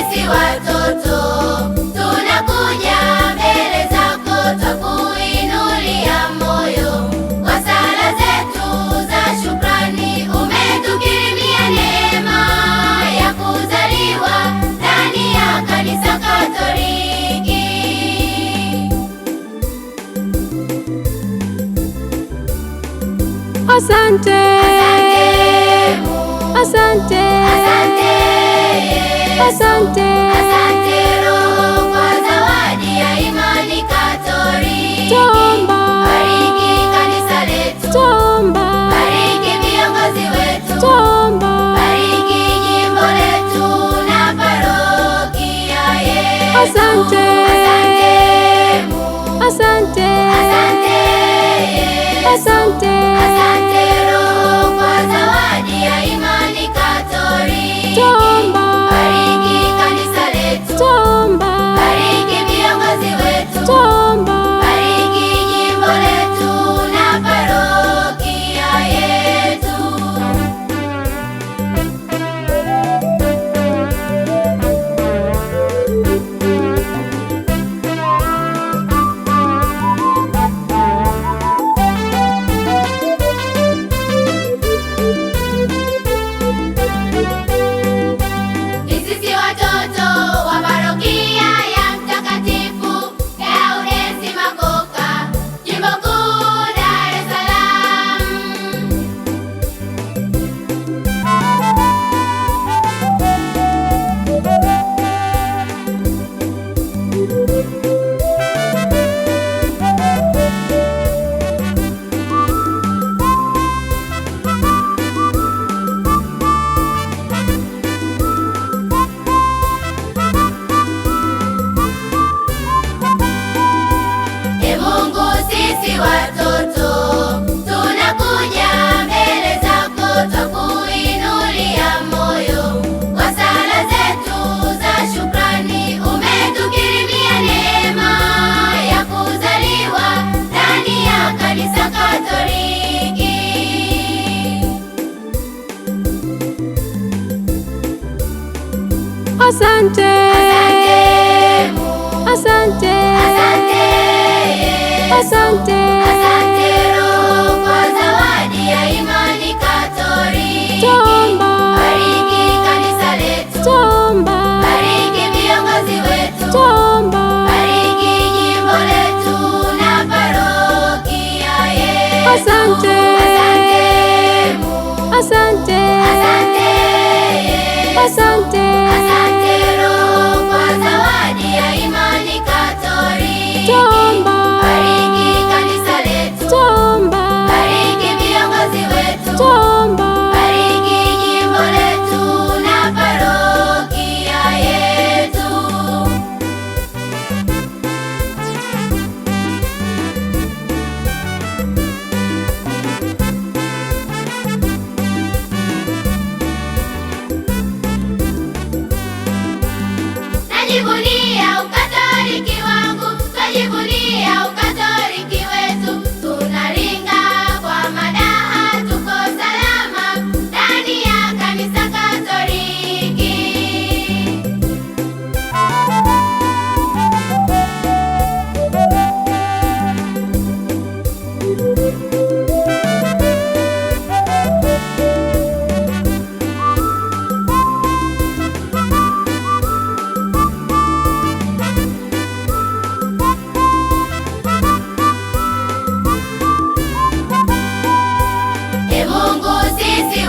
sisi watoto tunakuja mbele zako, twakuinulia moyo kwa sala zetu za shukrani. Umetukirimia neema ya kuzaliwa ndani ya kanisa Katoliki. Asante, asante, asante, asante. Asante, asante zawadi ya imani Katoliki. Tomba, bariki viongozi wetu. Tomba, jimbo letu na parokia Asante, asante Asante, Asante Asante. Asante. Asante. Asante. Asante.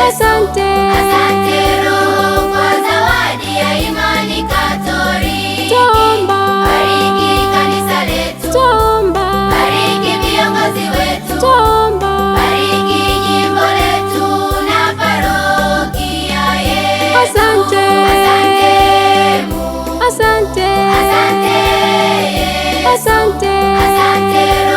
Asante, asante Roho kwa zawadi ya imani Katoliki. Tomba, bariki kanisa letu. Tomba, bariki viongozi wetu. Tomba, bariki jimbo letu na parokia yetu. Asante, asante Mungu. Asante, asante Asante, asante